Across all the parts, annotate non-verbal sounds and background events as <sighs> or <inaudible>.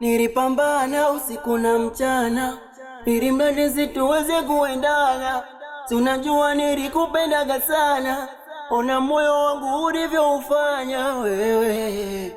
Nilipambana usiku na mchana ili mradi situweze kuendana, tunajua nilikupendaga sana, ona moyo wangu ulivyoufanya wewe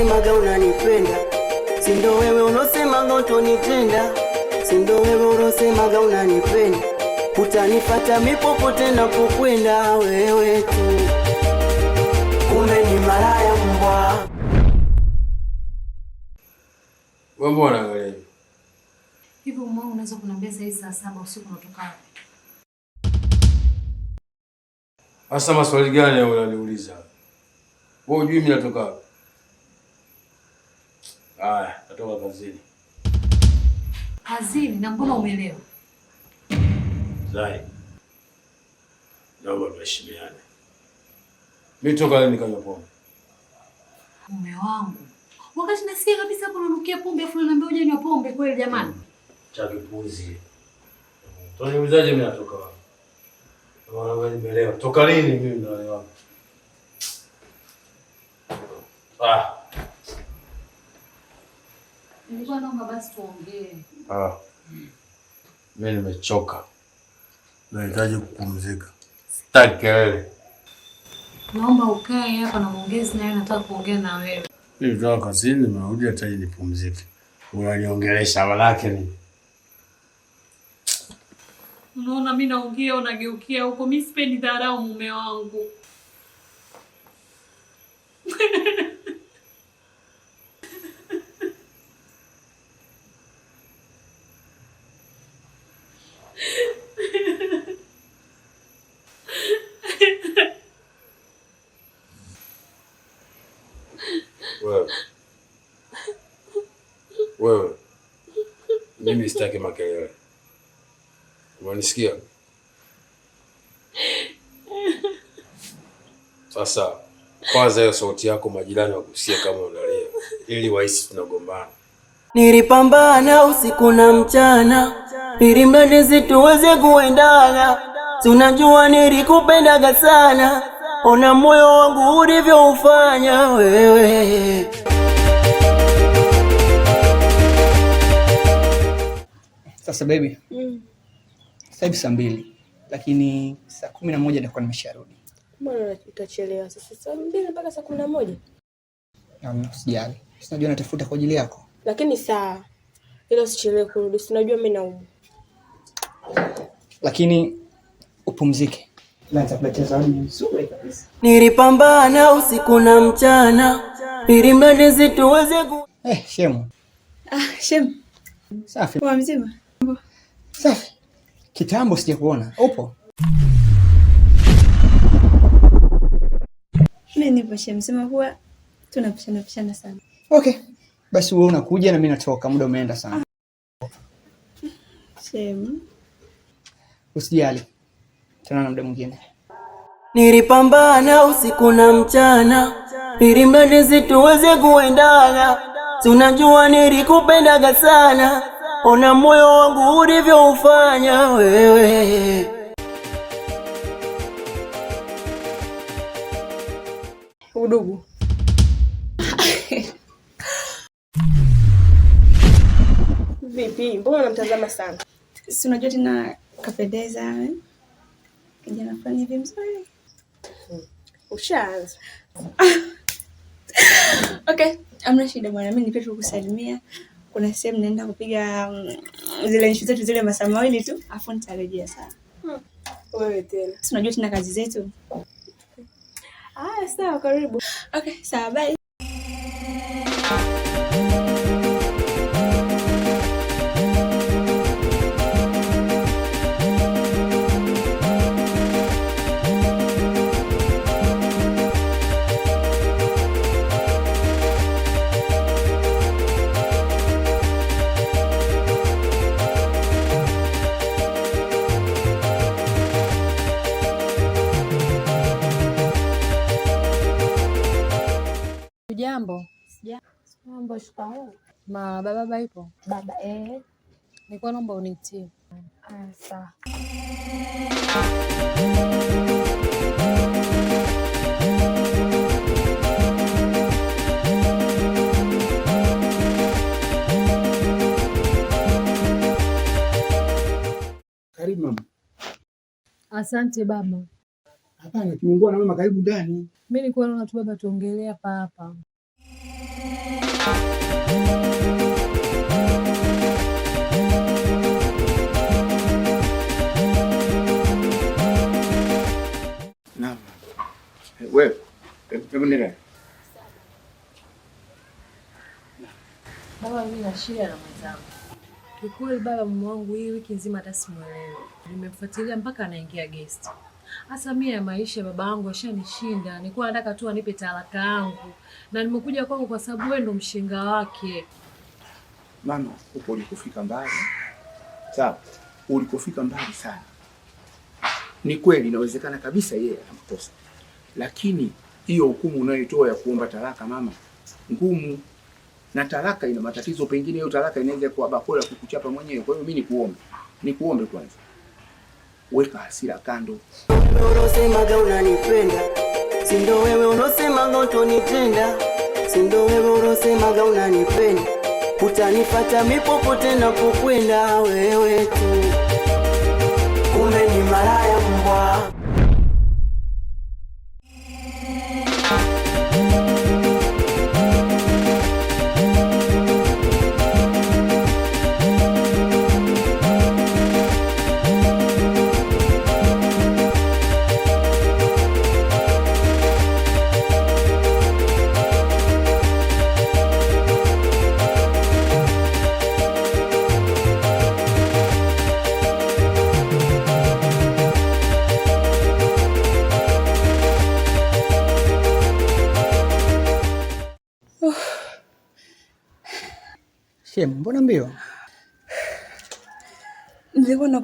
unosemaga unanipenda, sindo wewe unosemaga utonitenda, sindo wewe unosemaga unanipenda, utanifata mipopote na kukwenda wewe tu, kumbe ni malaya mbwa. Mambo wanaangalia hivyo mwangu, unaweza kuniambia saa hii saa saba usiku unatoka wapi? Asa maswali gani unaniuliza wewe? Hujui mimi natoka wapi? Haya, natoka kazini. Kazini na mbona umelewa? Zai. Naomba tuheshimiane. Mimi toka leo nikanywa pombe. Mume wangu. Wakati nasikia kabisa hapo unanukia pombe afu unaniambia hujanywa pombe kweli jamani? Mm, cha kipuzi. Tunaniulizaje mimi natoka wapi? Wana wewe nimelewa. Toka lini mimi ndio wapi? Ah. Nilikuwa naomba basi tuongee. Ah. Mimi nimechoka. Nahitaji kupumzika. Sitaki kelele. Naomba ukae hapa na muongezi naye nataka kuongea na wewe. Mimi nitoka kazini nimerudi hata ili nipumzike. Unaniongelesha walake ni. Unaona mimi naongea unageukia huko. Mimi sipendi dharau mume wangu. Wewe. Wewe. Mimi sitaki makelele. Unanisikia? Sasa kwanza hiyo sauti yako majirani wakusikia kama unalia ili wahisi tunagombana. Nilipambana usiku na mchana ili mradi tuweze kuendana, tunajua nilikupendaga sana Ona moyo wangu ulivyoufanya wewe. Sasa baby, mm. Sasa hivi saa mbili, lakini saa kumi na moja nitakuwa nimesharudi. Mbona utachelewa sasa? Saa mbili mpaka saa kumi na moja? Usijali, sinajua natafuta kwa ajili yako, lakini saa ilo sichelewe kurudi, sinajua mi naumwa, lakini upumzike Nilipambana usiku na mchana ili mradi zituweze ku... Eh, shemu. Ah, shemu. Safi. Kwa mzima. Safi. Kitambo sijakuona. Upo? Mimi nipo shemu, sema huwa tunapishana pishana sana. Okay. Basi wewe unakuja na mimi natoka, muda umeenda sana. Ah. Shemu. Usijali tena na muda mwingine. Nilipambana usiku na mchana ili mradi situweze kuendana, tunajua nilikupendaga sana, ona moyo wangu ulivyoufanya wewe. Udugu vipi? Mbona unamtazama sana? Si unajua tena kapendeza eh? kijana fulani hivi mzuri. Ushaanza. <laughs> Okay, amna shida bwana, mimi tu kusalimia Kuna sehemu naenda kupiga mm, zile nchi zetu zile masaa mawili tu, afu nitarejea sana. Hmm. Wewe tena. Si unajua kazi zetu. Ah, sawa, karibu. Okay, sawa, bye. Shika ma bababa ipo baba eh. Nilikuwa naomba unitie sawa. Karibu mama. Asante baba. Hapana, kiungua na mama, karibu ndani. Mimi nilikuwa naona tu baba tuongelea hapa hapa. Wewe hebu nenda. Baba, mimi na shida na mwenzangu. Kikweli baba, mume wangu hii wiki nzima hata simuelewi. Nimemfuatilia mpaka anaingia guest. Hasa mimi ya maisha baba yangu ashanishinda. Nilikuwa nataka tu anipe talaka yangu na nimekuja kwako kwa sababu wewe ndo mshinga wake. Mama, upo ulikofika mbali. Sawa. Ulikofika mbali sana. Ni kweli inawezekana kabisa yeye ana makosa lakini hiyo hukumu unayoitoa ya kuomba talaka mama, ngumu na talaka ina matatizo. Pengine hiyo talaka inaweza kuwa bakora kukuchapa mwenyewe. Kwa hiyo mimi nikuombe, nikuombe kwanza, weka hasira kando. Unosemaga unanipenda, si ndio? Wewe unosemaga utonitenda, si ndio? Wewe unosemaga unanipenda, utanifuata mipopote wewe tu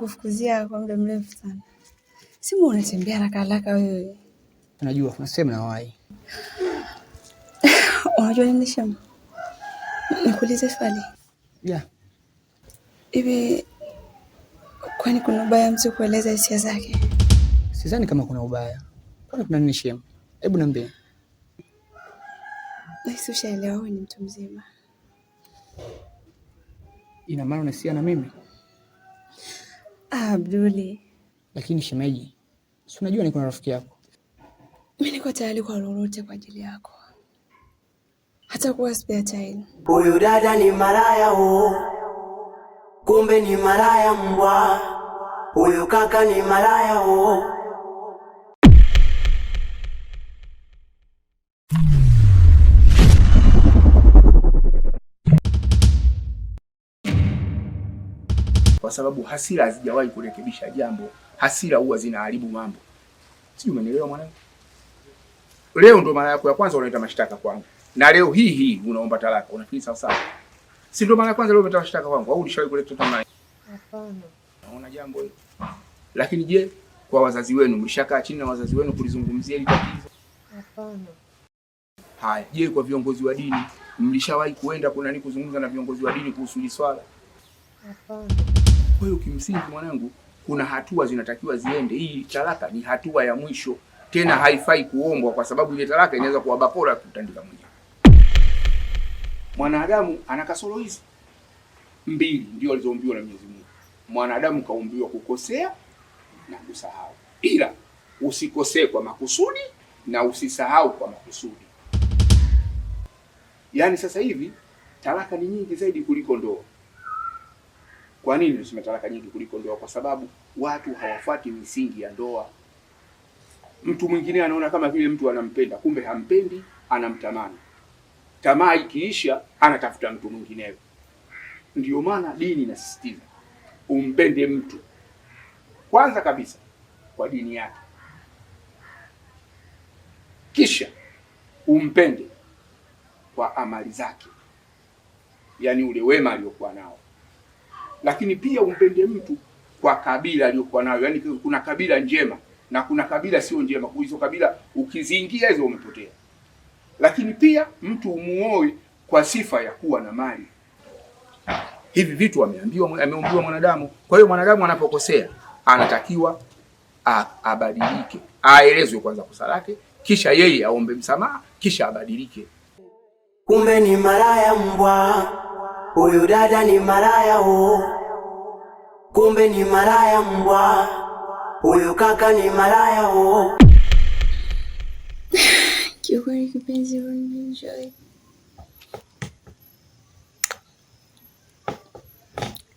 kufukuzia kwa muda mrefu sana. Simu unatembea haraka haraka wewe. Unajua kuna sehemu nawahi. <sighs> Unajua nini Sham? Nikuulize swali. Yeah. Hivi kwani kuna ubaya mtu kueleza hisia zake? Sidhani kama kuna ubaya. Kwani kuna nini Sham? Hebu niambie. Ushaelewa, wewe ni mtu mzima. Ina maana unasikia na mimi? Ah, Abduli. Lakini shemeji, si unajua niko na rafiki yako. mi niko tayari kwa lolote kwa ajili yako, hata kuwa spare time. Huyu dada ni maraya huo, kumbe ni maraya mbwa. Huyu kaka ni maraya huo sababu hasira hazijawahi kurekebisha jambo. Hasira huwa zinaharibu mambo, Si umeelewa mwanangu? Leo ndo mara yako ya kwanza unaleta mashtaka kwangu, na leo hii hii unaomba talaka. Unafikiri sawa sawa? Si ndo mara ya kwanza leo umeleta mashtaka kwangu, au ulishawahi kuleta tamaa? Hapana. Naona jambo hilo. Lakini je, kwa wazazi wenu mlishakaa chini na wazazi wenu kulizungumzia hili tatizo? Hapana. Haya, je, kwa viongozi wa dini mlishawahi kuenda kuna nini kuzungumza na viongozi wa dini kuhusu hili swala? Hapana. Kwa hiyo kimsingi, mwanangu, kuna hatua zinatakiwa ziende. Hii talaka ni hatua ya mwisho, tena haifai kuombwa, kwa sababu ile talaka inaweza kuwa bakora kutandika mwenyewe. Mwanadamu ana kasoro hizi mbili, ndio alizoumbiwa na Mwenyezi Mungu. Mwanadamu kaumbiwa kukosea na kusahau, ila usikosee kwa makusudi na usisahau kwa makusudi. Yaani sasa hivi talaka ni nyingi zaidi kuliko ndoa. Kwa nini tunasema talaka nyingi kuliko ndoa? Kwa sababu watu hawafuati misingi ya ndoa. Mtu mwingine anaona kama vile mtu anampenda, kumbe hampendi, anamtamani. Tamaa ikiisha, anatafuta mtu mwingine. Ndiyo maana dini inasisitiza umpende mtu kwanza kabisa kwa dini yake, kisha umpende kwa amali zake, yaani ule wema aliokuwa nao lakini pia umpende mtu kwa kabila aliyokuwa nayo. yani kuna kabila njema na kuna kabila sio njema. Hizo kabila ukiziingia hizo umepotea. Lakini pia mtu umuoe kwa sifa ya kuwa na mali. Hivi vitu ameambiwa, ameumbiwa mwanadamu. Kwa hiyo mwanadamu anapokosea anatakiwa abadilike, aelezwe kwanza kosa lake, kisha yeye aombe msamaha, kisha abadilike. Kumbe ni malaya mbwa huyu dada ni maraya o, kumbe ni maraya mbwa, huyu kaka ni maraya o. Kiukweli kipenzi, enjoy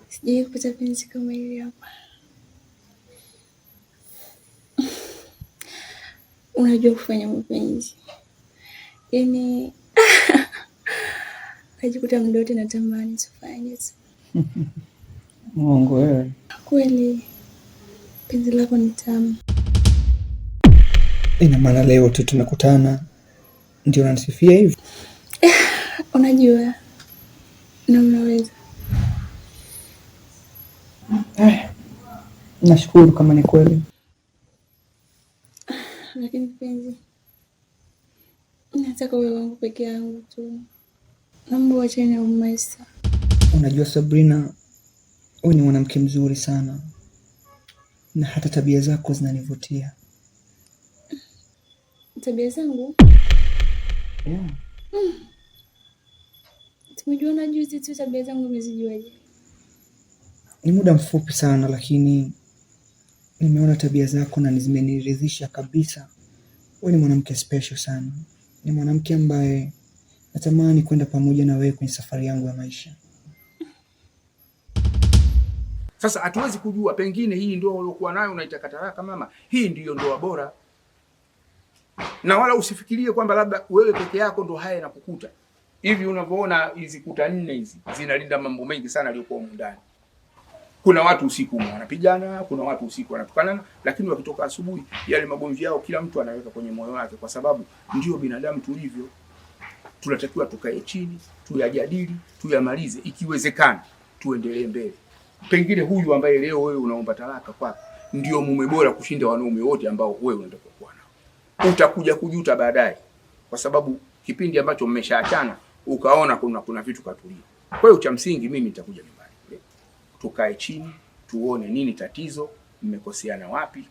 sijui kupata penzi kama hili hapa. Unajua kufanya mapenzi yaani Kajikuta muda wote natamani sifanye. <laughs> Mungu wewe. Kweli penzi lako ni tamu. Ina maana leo tu tumekutana ndio unanisifia hivi? Eh, unajua na unaweza. Eh, nashukuru kama ni kweli, ah, lakini penzi nataka uwe wangu peke yangu tu. Nambuwachene umesa. Unajua Sabrina, wewe ni mwanamke mzuri sana na hata tabia zako zinanivutia. Tabia zangu? Yeah. Mm. Tumejuana juzi tu, tabia zangu umezijuaje? Ni muda mfupi sana, lakini nimeona tabia zako na zimeniridhisha kabisa. Wewe ni mwanamke special sana, ni mwanamke ambaye Natamani kwenda pamoja na wewe kwenye safari yangu ya maisha. Sasa hatuwezi kujua, pengine hii ndio uliokuwa nayo unaitaka talaka. Mama, hii ndiyo ndoa bora, na wala usifikirie kwamba labda wewe peke yako ndo haya yanakukuta. Hivi unavyoona hizi kuta nne hizi zinalinda mambo mengi sana yaliyokuwa humu ndani. Kuna watu usiku wanapigana, kuna watu usiku wanatukanana, lakini wakitoka asubuhi, yale magomvi yao kila mtu anaweka kwenye moyo wake, kwa sababu ndio binadamu tulivyo tunatakiwa tukae chini tuyajadili, tuyamalize, ikiwezekana tuendelee mbele. Pengine huyu ambaye leo wewe unaomba talaka kwake ndio mume bora kushinda wanaume wote ambao wewe unataka kuwa nao. Utakuja kujuta baadaye, kwa sababu kipindi ambacho mmeshaachana ukaona kuna kuna vitu katulia. Kwa hiyo cha msingi mimi nitakuja nyumbani, tukae chini tuone nini tatizo, mmekoseana wapi,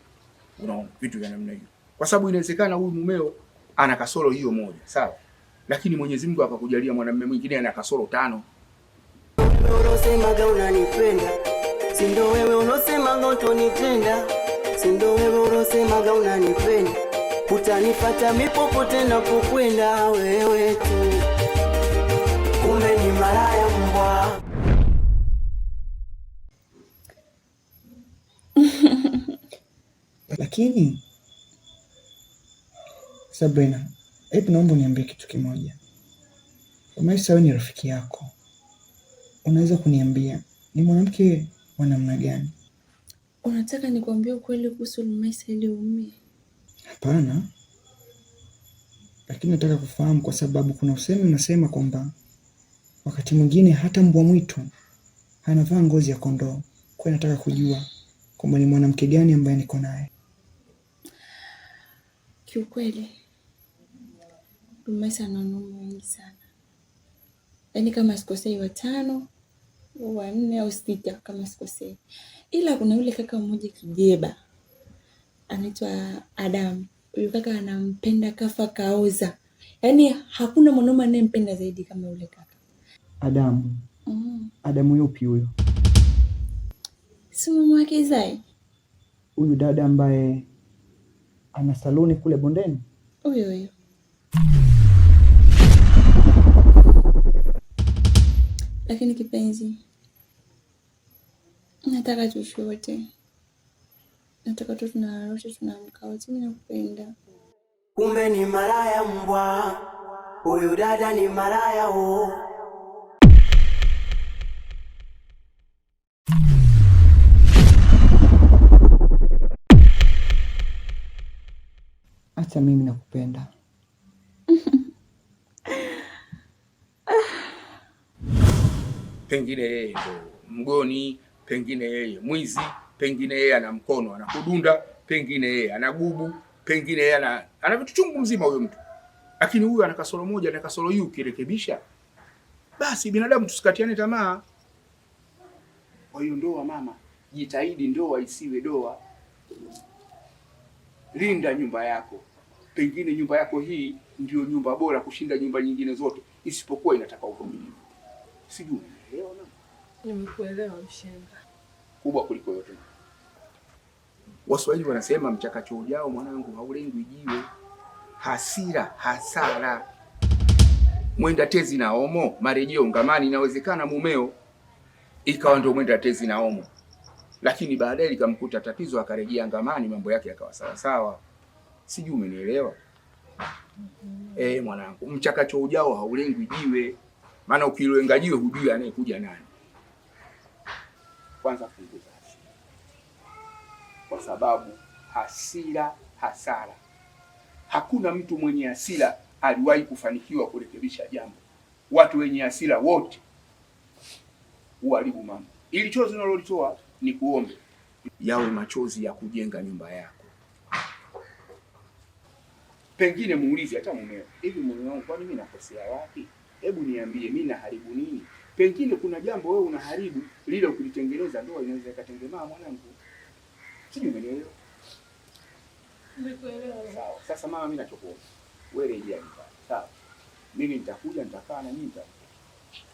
unaona vitu vya namna hiyo, kwa sababu inawezekana huyu mumeo ana kasoro hiyo moja, sawa lakini Mwenyezi Mungu akakujalia mwanamume mwingine ana kasoro tano. Unosemaga unanipenda si ndo wewe, unosemaga utonitenda si ndo wewe, unosemaga unanipenda utanipata mipopote kukwenda wewe tu kumbe ni malaya mbwa. <laughs> Lakini Sabrina Hebu naomba uniambie kitu kimoja, Umaisa wewe ni rafiki yako, unaweza kuniambia ni mwanamke wa namna gani? Unataka nikuambia ukweli kuhusu Lumaisa ili uumie? Hapana, lakini nataka kufahamu, kwa sababu kuna usemi unasema kwamba wakati mwingine hata mbwa mwitu anavaa ngozi ya kondoo. Kwa nataka kujua kwamba ni mwanamke gani ambaye niko naye kiukweli Lumasa na wanaume wengi sana, yaani kama sikosei watano wanne au sita kama sikosei, ila kuna yule kaka mmoja kijeba anaitwa Adamu. Yule kaka anampenda kafa kaoza, yaani hakuna mwanaume anayempenda zaidi kama yule kaka Adamu. Mm. Mm-hmm. Adamu yupi huyo? Si mume wake Zai, huyu dada ambaye ana saluni kule bondeni, huyo huyo. Lakini kipenzi, nataka tuishi wote, nataka tu tunalala tunaamka wote, mimi nakupenda. Kumbe ni maraya mbwa huyu, dada ni maraya o Hata mimi nakupenda. pengine yeye ndo mgoni, pengine yeye mwizi, pengine yeye ana mkono anakudunda, pengine yeye ana gubu, pengine yeye ana ana vitu chungu mzima huyo mtu. Lakini huyu ana kasoro moja ana kasoro hiyo ukirekebisha, basi binadamu tusikatiane tamaa. Kwa hiyo ndoa, mama, jitahidi ndoa isiwe doa. Linda nyumba yako, pengine nyumba yako hii ndio nyumba bora kushinda nyumba nyingine zote, isipokuwa inataka uvumilivu, sijui Nimekuelewa mshenga. Kubwa kuliko yote. Waswahili wanasema mchakacho ujao mwanangu haulengwi jiwe. Hasira hasara. Mwenda tezi na omo, marejeo ngamani. Inawezekana mumeo ikawa ndio mwenda tezi na omo, lakini baadaye likamkuta tatizo, akarejea ngamani, mambo yake yakawa sawa sawa. Sijui umenielewa? mm -hmm. Eh, mwanangu, mchakacho ujao haulengwi jiwe maana ukilenga jiwe hujui anayekuja nani. Kwanza punguza hasira, kwa sababu hasira hasara. Hakuna mtu mwenye hasira aliwahi kufanikiwa kurekebisha jambo. Watu wenye hasira wote uharibu mambo. Ili chozi unalolitoa ni kuombe yawe machozi ya kujenga nyumba yako. Pengine muulize hata mumeo, hivi mume wangu, kwani mimi nakosea wapi? hebu niambie, mimi naharibu nini? Pengine kuna jambo wewe unaharibu lile, ukilitengeneza ndoa inaweza ikatengemaa, mwanangu. Sijui umenielewa? Nikuelewa. Sawa. Sasa mama, mimi nachokuomba wewe rejea nyumbani. Sawa. Mimi nitakuja nitakaa na nyinyi.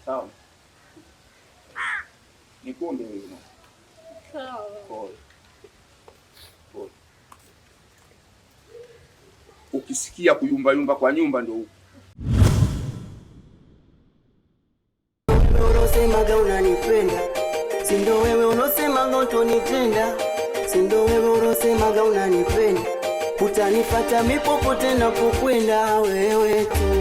Sawa. Nikuombe wewe. mama. Sawa. Pole. Pole. Ukisikia kuyumba yumba kwa nyumba ndio huko. unosemaga unanipenda, sindo wewe unosemaga utonitenda, sindo wewe unosemaga unanipenda, utanifata mipopote kukwenda wewe tu